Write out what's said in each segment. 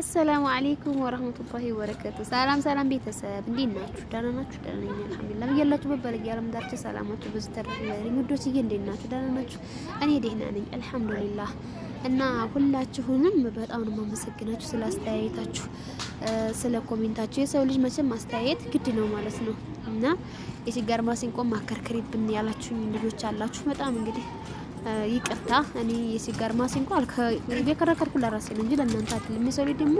አሰላሙ አለይኩም ወራህመቱላሂ ወበረከቱ። ሰላም ሰላም ቤተሰብ እንዴት ናችሁ? ደህና ናችሁ? ደህና ነኝ አልሐምዱሊላህ። እያላችሁ በበለግ ያለም ዳርቻ ሰላማችሁ ብዙ ተረፈለ። ውዶች እንዴት ናችሁ? ደህና ናችሁ? እኔ ደህና ነኝ አልሐምዱሊላህ። እና ሁላችሁንም በጣም ነው የማመሰግናችሁ ስለ አስተያየታችሁ፣ ስለ ኮሜንታችሁ። የሰው ልጅ መቼም አስተያየት ግድ ነው ማለት ነው እና የሲጋር ማሲንቆ ማከርከሪብን ያላችሁኝ ልጆች አላችሁ በጣም እንግዲህ ይቅርታ እኔ የሲጋር ማሲንኮ የከረከርኩ ለራሴ ነው እንጂ ለእናንተ አይደለም። የሚሰሩ ደግሞ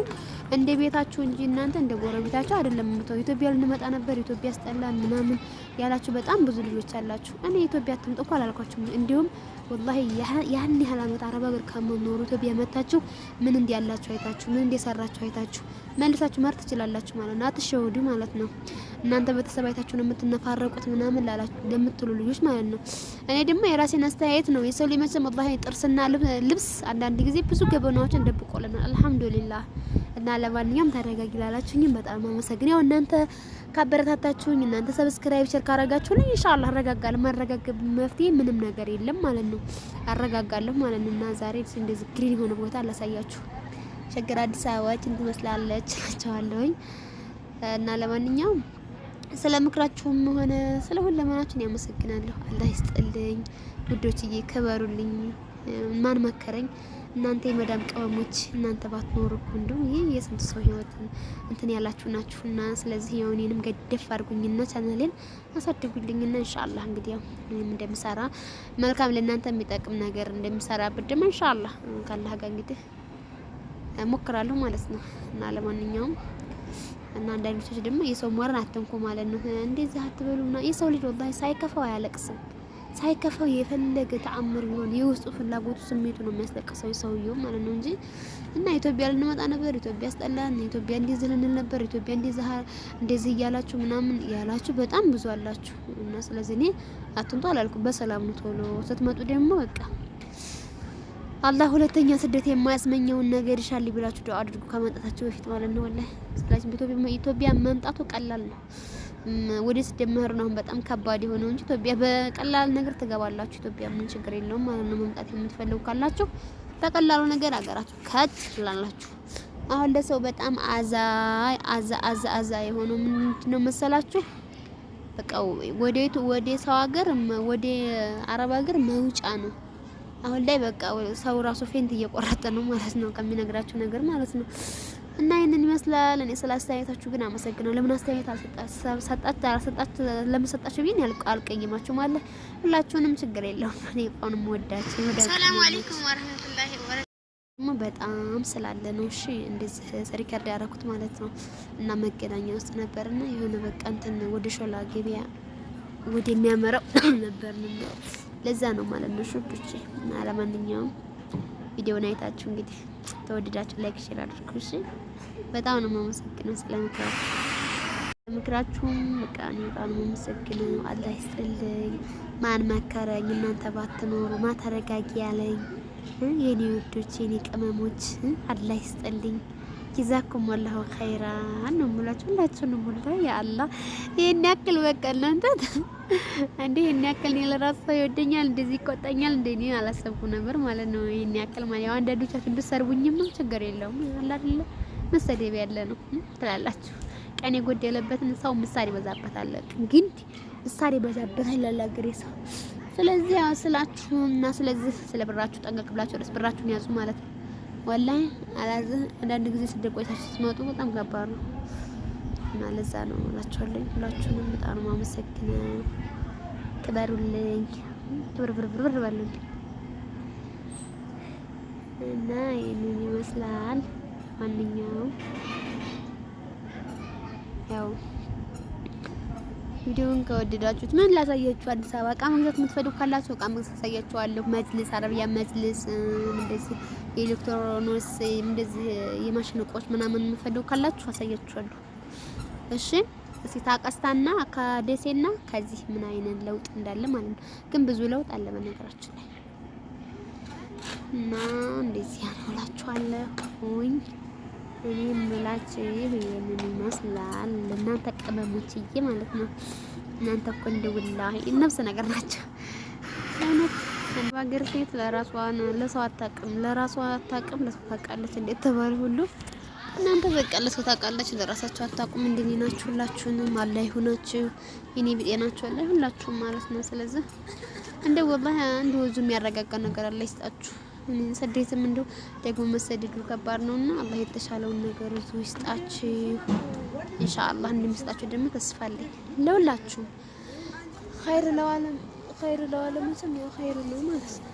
እንደ ቤታችሁ እንጂ እናንተ እንደ ጎረቤታችሁ አይደለም። ምተው ኢትዮጵያ ልንመጣ ነበር ኢትዮጵያ አስጠላን ምናምን ያላችሁ በጣም ብዙ ልጆች አላችሁ። እኔ ኢትዮጵያ አትምጡ እኮ አላልኳችሁ። እንዲሁም ወላሂ ያን ያህል አመት አረብ ሀገር ከመኖሩ ኢትዮጵያ መታችሁ ምን እንዲ ያላችሁ አይታችሁ ምን እንዲ እንዲሰራችሁ አይታችሁ መልሳችሁ ማር ትችላላችሁ ማለት ነው። አትሸወዱ ማለት ነው። እናንተ ቤተሰብ አይታችሁ የምትነፋረቁት ምናምን ላላችሁ ለምትሉ ልጆች ማለት ነው። እኔ ደግሞ የራሴን አስተያየት ነው። የሰው ልጅ መቼም አላህ ጥርስና ልብስ አንዳንድ ጊዜ ብዙ ገበናዎችን ደብቆልናል። አልሐምዱሊላህ እና ለማንኛውም ተረጋጊ ላላችሁኝም በጣም አመሰግን። ያው እናንተ ካበረታታችሁኝ እናንተ ሰብስክራይብ ሸር ካረጋችሁልኝ ኢንሻአላህ አረጋጋለሁ። ማረጋገብ መፍትሄ ምንም ነገር የለም ማለት ነው። አረጋጋለሁ ማለት ነው። እና ዛሬ እንደዚህ ግሪን የሆነ ቦታ አላሳያችሁ። ሸገር አዲስ አበባችን ትመስላለች እላቸዋለሁኝ እና ለማንኛውም ስለ ምክራችሁም ሆነ ስለ ሁለመናችን ያመሰግናለሁ። አላህ ይስጥልኝ ውዶችዬ፣ ክበሩልኝ። ማን መከረኝ? እናንተ የመዳም ቅመሞች እናንተ ባትኖሩ እኮ እንደው ይሄ የስንት ሰው ህይወት እንትን ያላችሁ ናችሁና፣ ስለዚህ ያው እኔንም ገደፍ አድርጉኝና ቻናሌን አሳድጉልኝና ኢንሻአላህ እንግዲህ ያው እኔም እንደምሰራ መልካም ለእናንተ የሚጠቅም ነገር እንደምሰራ ብድም ኢንሻአላህ ካላህ ጋር እንግዲህ ሞክራለሁ ማለት ነው እና ለማንኛውም እና አንዳንድ ልጆች ደግሞ የሰው ሞራን አትንኩ ማለት ነው። እንደዚህ አትበሉና የሰው ልጅ ወላሂ ሳይከፋው አያለቅስም። ሳይከፋው የፈለገ ተአምር ቢሆን የውስጡ ፍላጎቱ ስሜቱ ነው የሚያስለቅሰው ሰውየው ማለት ነው እንጂ እና ኢትዮጵያ ልንመጣ ነበር፣ ኢትዮጵያ አስጠላን፣ ኢትዮጵያ እንደዚህ ልንል ነበር፣ ኢትዮጵያ እንደዚህ እንደዚህ እያላችሁ ምናምን ያላችሁ በጣም ብዙ አላችሁ። እና ስለዚህ እኔ አትምጡ አላልኩ፣ በሰላም ነው ቶሎ ስትመጡ ደግሞ በቃ አላህ ሁለተኛ ስደት የማያስመኘውን ነገር ይሻል ብላችሁ ዱአ አድርጉ፣ ከመምጣታችሁ በፊት ማለት ነው። ወላሂ ስለዚህ ኢትዮጵያ መምጣቱ ቀላል ነው። ወደ ስደት መሄድ ነው አሁን በጣም ከባድ የሆነው እንጂ ኢትዮጵያ በቀላል ነገር ትገባላችሁ። ኢትዮጵያ ምን ችግር የለውም ማለት ነው። መምጣት የምትፈልጉ ካላችሁ በቀላሉ ነገር አገራችሁ ከት ትላላችሁ። አሁን ለሰው በጣም አዛ አዛ አዛ አዛ የሆነው ምንድነው መሰላችሁ? በቃ ወደ ወደ ሰው ሀገር ወደ አረብ ሀገር መውጫ ነው። አሁን ላይ በቃ ሰው ራሱ ፌንት እየቆረጠ ነው ማለት ነው ከሚነግራችሁ ነገር ማለት ነው። እና ይህንን ይመስላል። እኔ ስለ አስተያየታችሁ ግን አመሰግናለሁ። ለምን አስተያየት አልሰጣችሁ አልሰጣችሁ ለምሰጣችሁ ሰጣችሁ ያልቀ አልቀየማችሁም አለ። ሁላችሁንም ችግር የለውም። እኔ ቆንም ወዳችሁ ወዳችሁ ሰላም አለይኩም ወራህመቱላሂ ወበረካቱ በጣም ስላለ ነው። እሺ እንደዚህ ሪከርድ ያደረኩት ማለት ነው። እና መገናኛ ውስጥ ነበርና የሆነ በቃ እንትን ወደ ሾላ ገበያ ወደ የሚያመራው ነበር። ለዛ ነው ማለት ነው ሹዶቼ። እና ለማንኛውም ቪዲዮውን አይታችሁ እንግዲህ ተወደዳችሁ ላይክ፣ ሼር አድርጉ። እሺ፣ በጣም ነው የማመሰግነው ስለምክራችሁ። ምክራችሁም በቃ እኔ በጣም ነው የማመሰግነው። አላህ ይስጥልኝ። ማን መከረኝ? እናንተ ባትኖሩ ማ ተረጋጊ ያለኝ የኔ ውዶች፣ የኔ ቅመሞች አላህ ይስጥልኝ። ጊዛኩም ወላሁ ኸይራን ነው የምላችሁ። ሁላችሁንም ሁላ ያ አላህ ይሄን ያክል በቃ እናንተ እንዴ ይሄን ያክል እኔ ለራሱ ሰው ይወደኛል እንደዚህ ይቆጣኛል እንዴ እኔ አላሰብኩ ነበር ማለት ነው። ይሄን ያክል ማለት ያው አንዳንዶቻችሁ እንድትሰርቡኝም ነው ችግር የለውም አለ አይደለ መሰደብ ያለ ነው ትላላችሁ። ቀን የጎደለበትን ሰው ምሳሌ ይበዛበታል፣ ግን ምሳሌ ይበዛበታል ለላገሬ ሰው ስለዚህ ያው ስላችሁና ስለዚህ ስለ ብራችሁ ጠንቀቅ ብላችሁ ደስ ብራችሁን ያዙ ማለት ነው። ወላሂ አላዝ አንዳንድ ጊዜ ስደቆይታችሁ ቆይታችሁ ስትመጡ በጣም ከባድ ነው። እና ለዛ ነው እላችኋለሁ። ሁላችሁንም በጣም ነው የማመሰግነው። ክበሩልኝ፣ ክብር በሉልኝ እና ይህንን ይመስላል። ማንኛውም ያው ቪዲዮውን ከወደዳችሁት ምን ላሳያችሁ፣ አዲስ አበባ እቃ መግዛት የምትፈልጉ ካላችሁ እቃ መግዛት አሳያችኋለሁ። መጅልስ፣ አረቢያ መጅልስ እንደዚህ የኤሌክትሮኖስ፣ እንደዚህ የማሽን እቃዎች ምናምን የምትፈልጉ ካላችሁ አሳያችኋለሁ። እሺ እስቲ ታቀስታና ከደሴና ከዚህ ምን አይነት ለውጥ እንዳለ ማለት ነው። ግን ብዙ ለውጥ አለ በነገራችን ላይ እና እንደዚህ ያነውላችኋለሁ። ወይ እኔ የምላችሁ ይሄንን ይመስላል። እናንተ ቅመሞችዬ ማለት ነው። እናንተ እኮ እንደ ውላሂ ነፍስ ነገር ናቸው። ሀገር ሴት ለራሷ ለሰው አታውቅም፣ ለራሷ አታውቅም፣ ለሰው ታውቃለች እንዴት ተባለ ሁሉ እናንተ በቃ ለሰው ታውቃላችሁ፣ ለራሳችሁ አታውቁም። እንደኔ ናችሁ። ሁላችሁንም አላህ ይሁናችሁ። የኔ ቢጤናችሁ አላህ ሁላችሁም ማለት ነው። ስለዚህ እንደ ወላሂ አንድ ወዙ የሚያረጋጋ ነገር አለ ይስጣችሁ። ስደትም እንደው ደግሞ መሰደዱ ከባድ ነውና አላህ የተሻለውን ነገር እዙ ይስጣችሁ። ኢንሻአላህ እንደሚስጣችሁ ደግሞ ተስፋ አለኝ። ለሁላችሁም ኸይር ለዋለም ኸይር ለዋለም ሰም ያው ኸይር ነው ማለት ነው።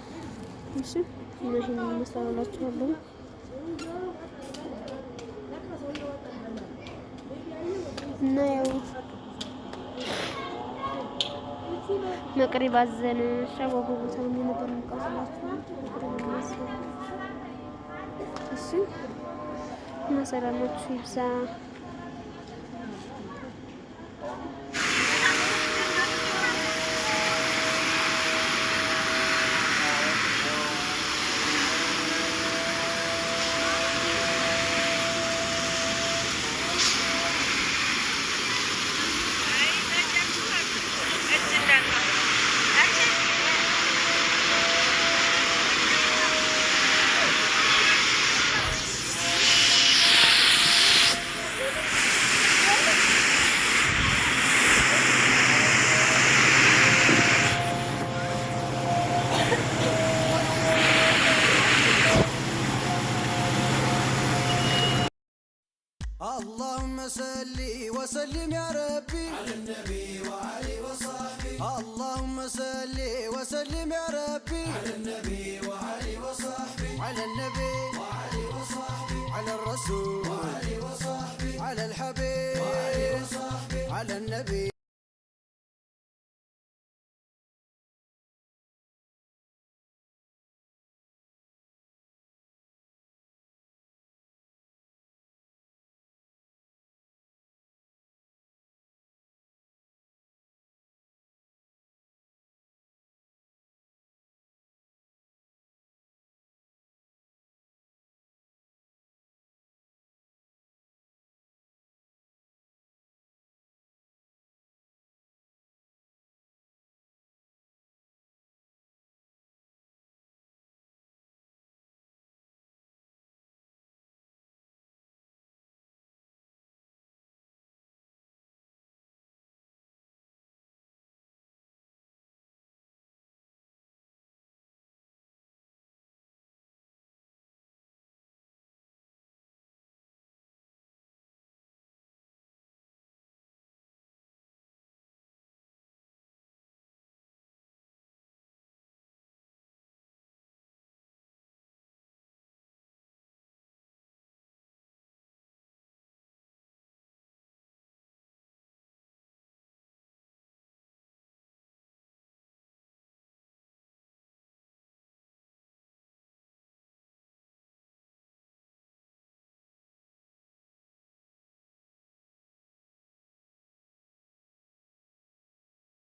እሺ ምን ይመስላችኋል? እና ያው መቅሪ ባዘን ሸዋጎ ቦታ የነበር የሚቀርላቸው እሱን እና ሰላማችሁ ይብዛ። صلي وسلم يا ربي على النبي وعلي وصحبه اللهم صلي وسلم يا ربي على النبي وعلي وصحبه على النبي وعلي وصحبه على الرسول وعلي وصحبه على الحبيب وعلي وصحبه على النبي